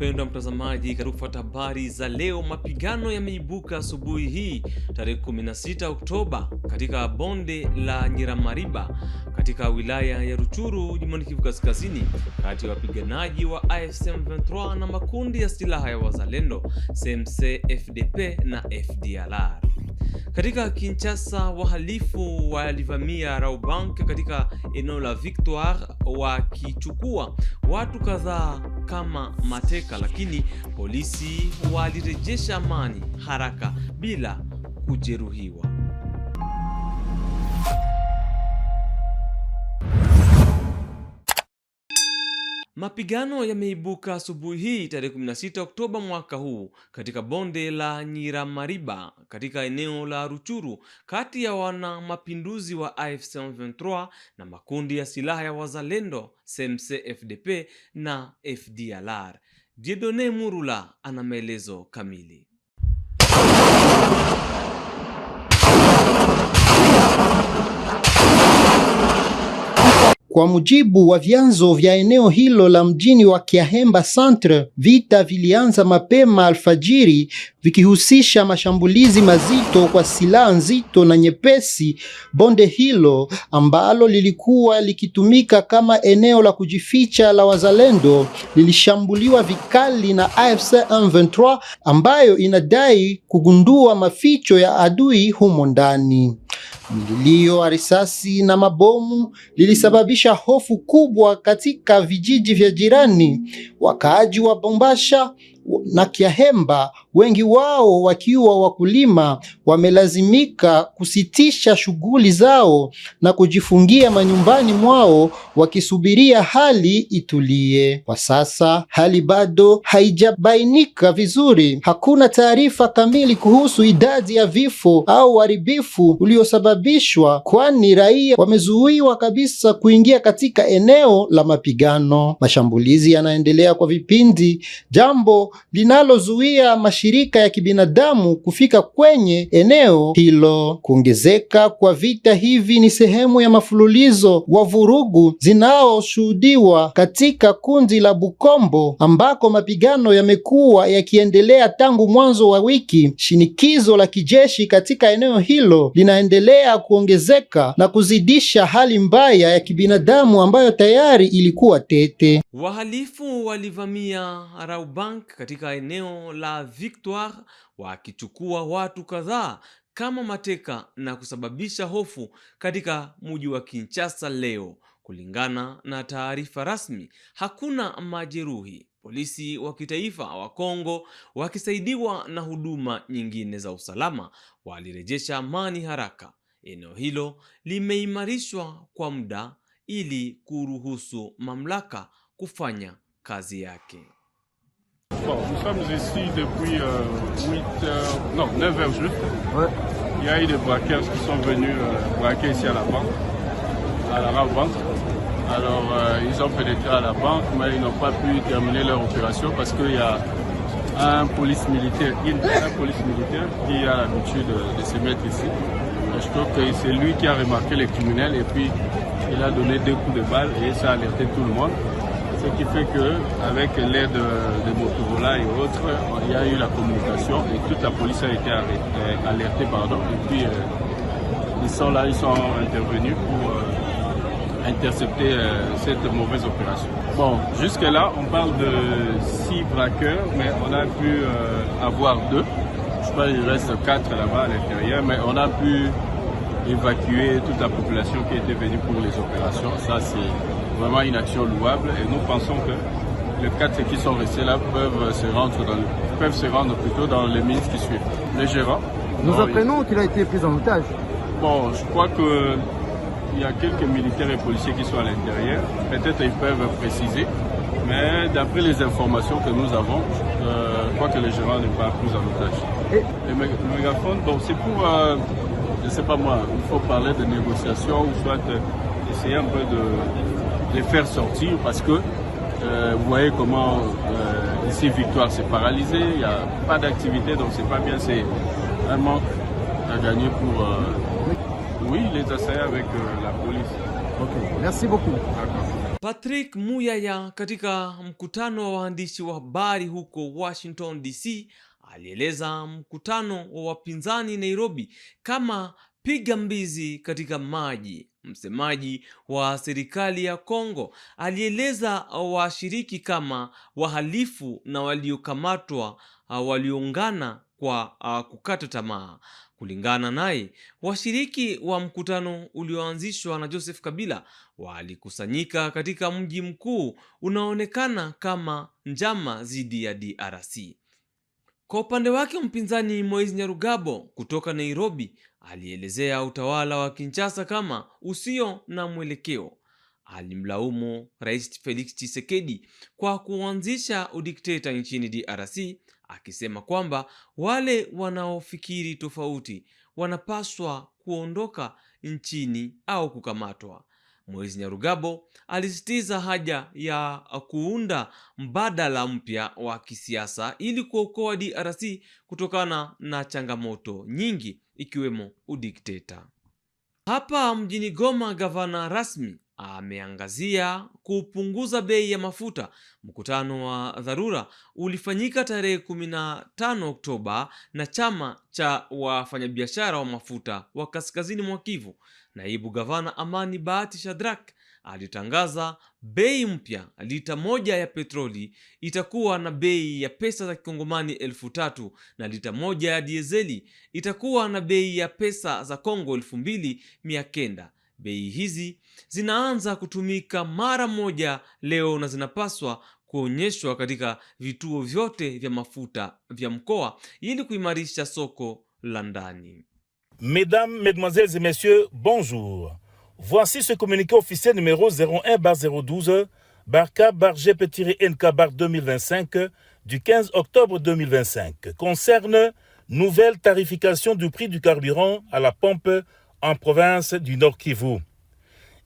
Mpendwa mtazamaji, katika kufuata habari za leo, mapigano yameibuka asubuhi hii tarehe 16 Oktoba katika bonde la Nyiramariba katika wilaya ya Ruchuru jimboni Kivu Kaskazini, kati ya wapiganaji wa AFC M23 na makundi ya silaha ya Wazalendo, CMC, FDP na FDLR. Katika Kinshasa, wahalifu walivamia Bank katika eneo la Victoire wakichukua watu kadhaa kama mateka, lakini polisi walirejesha amani haraka bila kujeruhiwa. Mapigano yameibuka asubuhi hii tarehe 16 Oktoba mwaka huu katika bonde la Nyiramariba katika eneo la Ruchuru kati ya wana mapinduzi wa AFC M23 na makundi ya silaha ya wazalendo SMC FDP na FDLR. Jedone Murula ana maelezo kamili. Kwa mujibu wa vyanzo vya eneo hilo la mjini wa Kiahemba Centre, vita vilianza mapema alfajiri vikihusisha mashambulizi mazito kwa silaha nzito na nyepesi. Bonde hilo ambalo lilikuwa likitumika kama eneo la kujificha la wazalendo lilishambuliwa vikali na AFC M23 ambayo inadai kugundua maficho ya adui humo ndani. Milio wa risasi na mabomu lilisababisha hofu kubwa katika vijiji vya jirani. Wakaaji wa Bombasha na Kyahemba, wengi wao wakiwa wakulima, wamelazimika kusitisha shughuli zao na kujifungia manyumbani mwao wakisubiria hali itulie. Kwa sasa hali bado haijabainika vizuri. Hakuna taarifa kamili kuhusu idadi ya vifo au uharibifu uliosababishwa, kwani raia wamezuiwa kabisa kuingia katika eneo la mapigano. Mashambulizi yanaendelea kwa vipindi, jambo linalozuia mashirika ya kibinadamu kufika kwenye eneo hilo. Kuongezeka kwa vita hivi ni sehemu ya mafululizo wa vurugu zinaoshuhudiwa katika kundi la Bukombo ambako mapigano yamekuwa yakiendelea tangu mwanzo wa wiki. Shinikizo la kijeshi katika eneo hilo linaendelea kuongezeka na kuzidisha hali mbaya ya kibinadamu ambayo tayari ilikuwa tete. Wahalifu walivamia Raubank katika eneo la Victoire wakichukua watu kadhaa kama mateka na kusababisha hofu katika mji wa Kinshasa leo. Kulingana na taarifa rasmi, hakuna majeruhi. Polisi wa kitaifa wa Kongo wakisaidiwa na huduma nyingine za usalama walirejesha amani haraka. Eneo hilo limeimarishwa kwa muda ili kuruhusu mamlaka kufanya kazi yake. nous sommes ici depuis 8 euh, non, 9 h juste. Il y a eu des braqueurs qui sont venus euh, braquer ici à la banque, à la banque. Alors, euh, ils ont pénétré à la banque, mais ils n'ont pas pu terminer leur opération parce qu'il y a un police militaire, police militaire qui a l'habitude de, se mettre ici. je trouve que c'est lui qui a remarqué les criminels et puis il a donné deux coups de balle et ça a alerté tout le monde. Ce qui fait que, avec l'aide de Motorola et autres, il y a eu la communication et toute la police a été euh, alertée. Pardon, et puis, euh, ils sont là, ils sont intervenus pour euh, intercepter cette mauvaise opération. Bon, jusque-là, on parle de six braqueurs, mais on a pu avoir deux. Je crois qu'il reste quatre là-bas à l'intérieur, mais on a pu évacuer toute la population qui était venue pour les opérations. Ça, c'est vraiment une action louable et nous pensons que les quatre qui sont restés là peuvent se rendre, dans, peuvent se rendre plutôt dans les mines qui suivent. Les gérants. Nous apprenons qu'il a été pris en otage. Bon, je crois que il y a quelques militaires et policiers qui sont à l'intérieur. Peut-être ils peuvent préciser, mais d'après les informations que nous avons, euh, je crois que le gérant n'est pas pris en otage. Et le, mégaphone, bon, c'est pour, euh, je ne sais pas moi, il faut parler de négociations ou soit euh, essayer un peu de les faire sortir parce que euh, vous voyez comment euh, ici Victoire s'est paralysée, il n'y a pas d'activité, donc c'est pas bien, c'est un manque à gagner pour euh, oui les assaillants avec euh, la police. Ok, Merci beaucoup. Patrick Muyaya katika mkutano wa waandishi wa habari huko Washington DC alieleza mkutano wa wapinzani Nairobi kama piga mbizi katika maji. Msemaji wa serikali ya Kongo alieleza washiriki kama wahalifu na waliokamatwa waliungana kwa kukata tamaa. Kulingana naye, washiriki wa mkutano ulioanzishwa na Joseph Kabila walikusanyika katika mji mkuu unaonekana kama njama dhidi ya DRC. Kwa upande wake mpinzani Moise Nyarugabo kutoka Nairobi alielezea utawala wa Kinshasa kama usio na mwelekeo. Alimlaumu Rais Felix Tshisekedi kwa kuanzisha udikteta nchini DRC akisema kwamba wale wanaofikiri tofauti wanapaswa kuondoka nchini au kukamatwa. Moise Nyarugabo alisisitiza haja ya kuunda mbadala mpya wa kisiasa ili kuokoa DRC kutokana na changamoto nyingi ikiwemo udikteta. Hapa mjini Goma, gavana rasmi ameangazia kupunguza bei ya mafuta. Mkutano wa dharura ulifanyika tarehe 15 Oktoba na chama cha wafanyabiashara wa mafuta wa kaskazini mwa Kivu Naibu Gavana Amani Bahati Shadrack alitangaza bei mpya. Lita moja ya petroli itakuwa na bei ya pesa za kikongomani elfu tatu na lita moja ya diezeli itakuwa na bei ya pesa za Kongo elfu mbili mia kenda. Bei hizi zinaanza kutumika mara moja leo na zinapaswa kuonyeshwa katika vituo vyote vya mafuta vya mkoa ili kuimarisha soko la ndani. Mesdames, Mesdemoiselles et Messieurs, bonjour. Voici ce communiqué officiel numéro 01-012, Barca NK 2025 du 15 octobre 2025 concerne nouvelle tarification du prix du carburant à la pompe en province du Nord Kivu.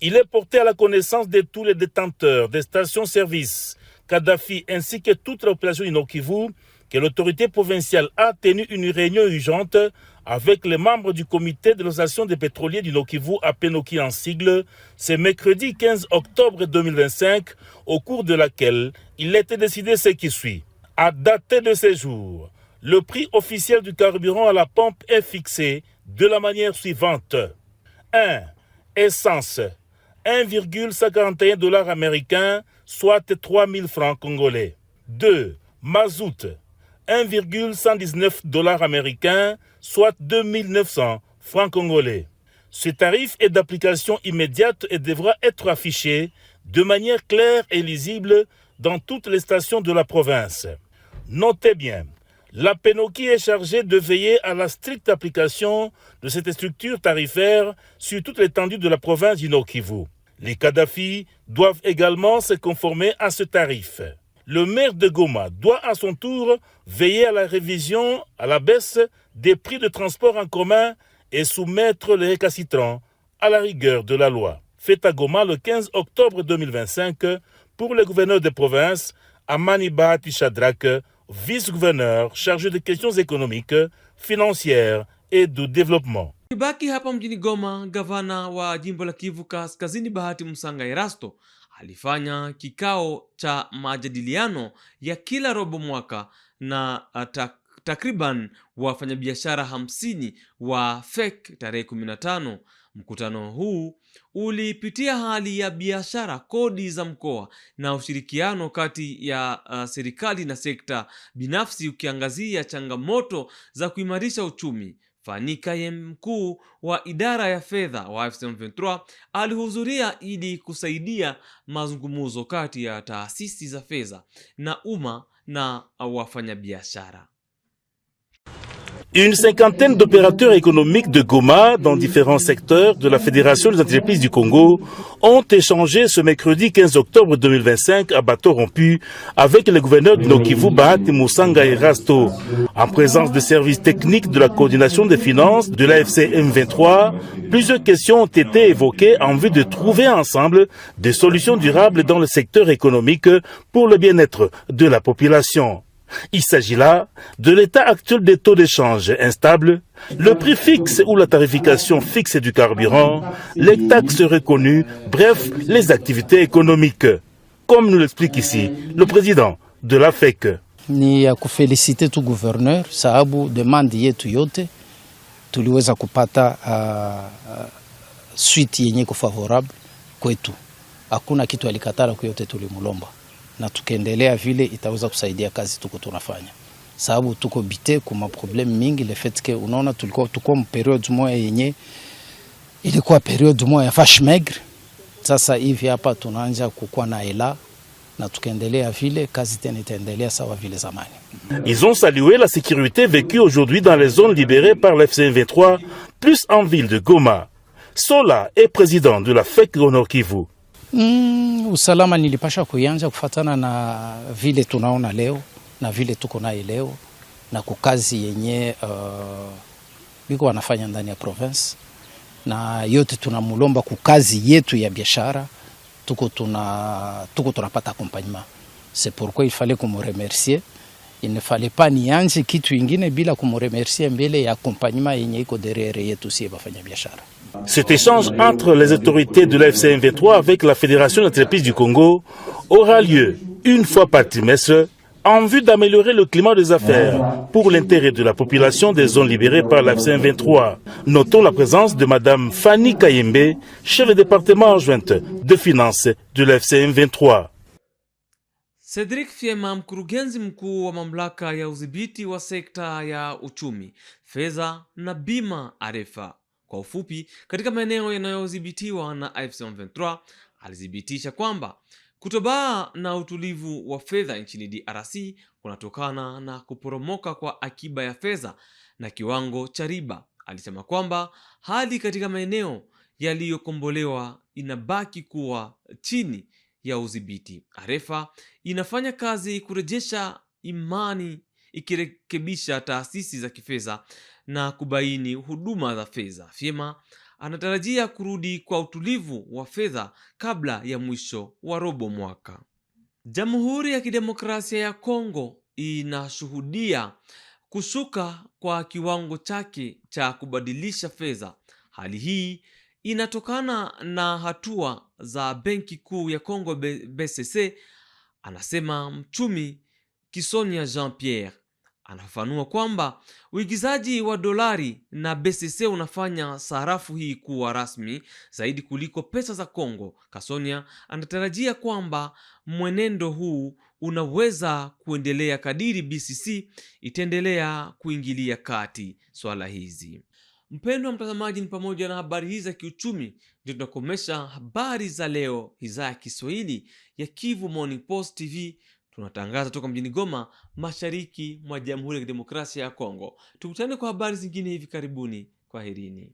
Il est porté à la connaissance de tous les détenteurs des stations-service Kadhafi ainsi que toute la population du Nord Kivu que l'autorité provinciale a tenu une réunion urgente avec les membres du comité de l'association des pétroliers du Nokivu à Penoki en sigle, ce mercredi 15 octobre 2025, au cours de laquelle il était décidé ce qui suit. À dater de ces jours, le prix officiel du carburant à la pompe est fixé de la manière suivante. 1. Essence 1,51 dollars américains, soit 000 francs congolais. 2. Mazout 1,119 dollars américains, soit 2900 francs congolais. Ce tarif est d'application immédiate et devra être affiché de manière claire et lisible dans toutes les stations de la province. Notez bien, la PENOKI est chargée de veiller à la stricte application de cette structure tarifaire sur toute l'étendue de la province du Nord Les Kadhafi doivent également se conformer à ce tarif le maire de Goma doit à son tour veiller à la révision à la baisse des prix de transport en commun et soumettre les récalcitrants à la rigueur de la loi. Fait à Goma le 15 octobre 2025 pour le gouverneur de province Amaniba Tishadrak, vice-gouverneur chargé des questions économiques, financières et de développement. Kibaki hapa mjini Goma, gavana wa jimbo la Kivu Kaskazini Bahati Musanga Erasto alifanya kikao cha majadiliano ya kila robo mwaka na ah, takriban wafanyabiashara hamsini wa FEC tarehe 15. Mkutano huu ulipitia hali ya biashara, kodi za mkoa na ushirikiano kati ya uh, serikali na sekta binafsi, ukiangazia changamoto za kuimarisha uchumi. Fanikaye, mkuu wa idara ya fedha wa M23, alihudhuria ili kusaidia mazungumzo kati ya taasisi za fedha na umma na wafanyabiashara. Une cinquantaine d'opérateurs économiques de Goma dans différents secteurs de la Fédération des entreprises du Congo ont échangé ce mercredi 15 octobre 2025 à bateau rompu avec le gouverneur de Nokivu Bahati Moussanga et Rasto. En présence des services techniques de la coordination des finances de l'AFC M23, plusieurs questions ont été évoquées en vue de trouver ensemble des solutions durables dans le secteur économique pour le bien-être de la population. Il s'agit là de l'état actuel des taux d'échange instables, le prix fixe ou la tarification fixe du carburant, les taxes reconnues, bref, les activités économiques. Comme nous l'explique ici le président de l'AFEC. ni avons tout tu gouverneur sababu demandi yetu yote tuliweza kupata euh, euh, kwetu. kitu tout kuyote mulomba na tukiendelea vile itaweza kusaidia kazi tuko tunafanya, sababu tuko bite kuma problem mingi lefetke. Unaona, tulikuwa tuko period moja yenye ilikuwa period moja ya fash maigre. Sasa hivi hapa tunaanza kukuwa na hela na tukaendelea vile kazi tena itaendelea sawa vile zamani. Ils ont salué la sécurité vécue aujourd'hui dans les zones libérées par l'FCV3 plus en ville de Goma. Sola est président de la FEC Kivu. Mm, usalama nilipasha kuianza kufatana na vile tunaona leo na vile tuko naye leo na kukazi yenye uh, wanafanya ndani ya province na yote tunamulomba kukazi yetu ya biashara tuko tuna tuko tunapata accompagnement c'est pourquoi il fallait qu'on me remercier ne fallait nianze kitu bila mbele derere bafanya Cet échange entre les autorités de la 23 avec la Fédération d'entreprises du Congo aura lieu une fois par trimestre en vue d'améliorer le climat des affaires pour l'intérêt de la population des zones libérées par la 23 Notons la présence de Madame Fanny Kayembe, chef de département adjointe de finances de lfcn 23 Cedric Fiema, mkurugenzi mkuu wa mamlaka ya udhibiti wa sekta ya uchumi, fedha na bima Arefa kwa ufupi, katika maeneo yanayodhibitiwa na M23 alithibitisha kwamba kutobaa na utulivu wa fedha nchini DRC kunatokana na kuporomoka kwa akiba ya fedha na kiwango cha riba. Alisema kwamba hali katika maeneo yaliyokombolewa inabaki kuwa chini ya udhibiti. Arefa inafanya kazi kurejesha imani, ikirekebisha taasisi za kifedha na kubaini huduma za fedha. Fyema anatarajia kurudi kwa utulivu wa fedha kabla ya mwisho wa robo mwaka. Jamhuri ya Kidemokrasia ya Kongo inashuhudia kushuka kwa kiwango chake cha kubadilisha fedha. Hali hii inatokana na hatua za Benki Kuu ya congo BCC, anasema mchumi Kisonia Jean Pierre. Anafafanua kwamba uigizaji wa dolari na BCC unafanya sarafu hii kuwa rasmi zaidi kuliko pesa za congo Kasonia anatarajia kwamba mwenendo huu unaweza kuendelea kadiri BCC itaendelea kuingilia kati swala hizi mpendo wa mtazamaji, ni pamoja na habari hizi za kiuchumi, ndio tunakomesha habari za leo, idhaa ya Kiswahili ya Kivu Morning Post TV. Tunatangaza toka mjini Goma, mashariki mwa Jamhuri ya Kidemokrasia ya Kongo. Tukutane kwa habari zingine hivi karibuni. kwa herini